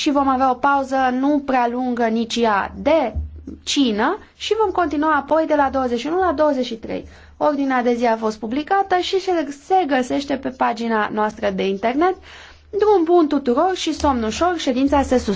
și vom avea o pauză nu prea lungă nici ea de cină și vom continua apoi de la 21 la 23. Ordinea de zi a fost publicată și se găsește pe pagina noastră de internet. Drum bun tuturor și somn ușor, ședința se susține.